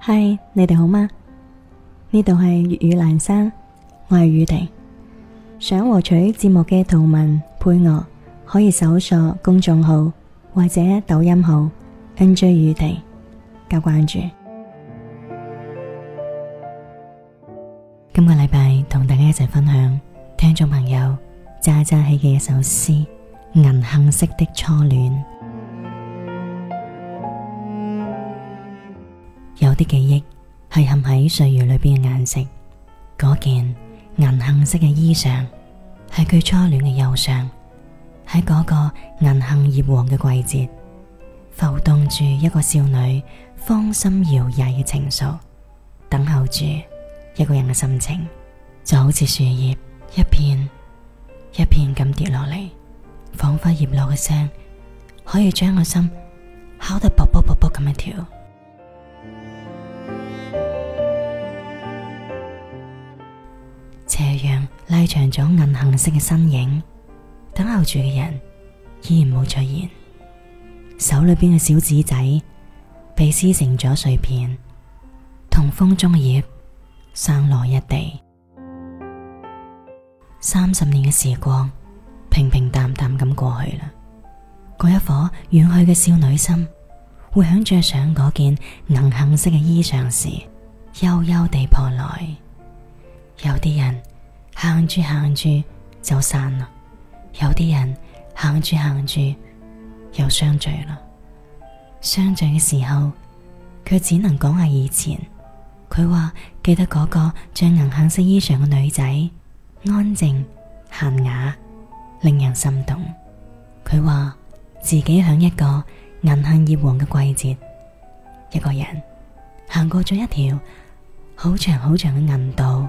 嗨，Hi，你哋好嗎？呢度係粵語蘭山，我係宇婷。想獲取節目嘅圖文配樂，可以搜索公眾號或者抖音號 NJ 宇婷加關注。今個禮拜同大家一齊分享聽眾朋友渣渣希嘅一首詩《銀杏色的初戀》。啲記憶係陷喺歲月裏邊嘅顏色，嗰件銀杏色嘅衣裳係佢初戀嘅憂傷，喺嗰個銀杏葉黃嘅季節，浮動住一個少女芳心搖曳嘅情愫，等候住一個人嘅心情，就好似樹葉一片一片咁跌落嚟，仿佛葉落嘅聲可以將個心敲得卜卜卜卜咁一跳。斜陽拉長咗銀杏色嘅身影，等候住嘅人依然冇出現。手裏邊嘅小紙仔被撕成咗碎片，同風中嘅葉散落一地。三十年嘅時光平平淡淡咁過去啦。嗰一顆遠去嘅少女心，會響着上嗰件銀杏色嘅衣裳時，悠悠地破來。有啲人行住行住就散啦，有啲人行住行住又相聚啦。相聚嘅時候，佢只能講係以前。佢話記得嗰個着銀杏色衣裳嘅女仔，安靜嫻雅，令人心動。佢話自己響一個銀杏葉黃嘅季節，一個人行過咗一條好長好長嘅銀道。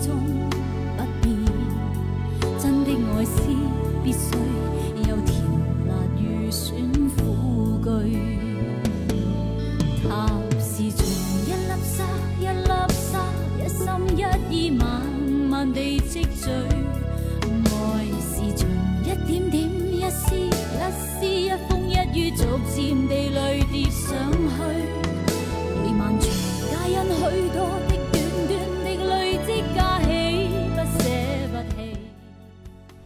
終不變，真的愛是必須有甜辣、酸苦句。它是從一粒沙一粒沙，一心一意慢慢地積聚。愛是從一點點一絲，一絲一絲一風一雨，逐漸地累疊上去。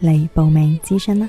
嚟報名諮詢啦。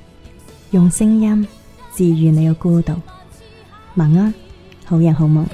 用聲音治愈你嘅孤獨，晚安啊，好人好夢。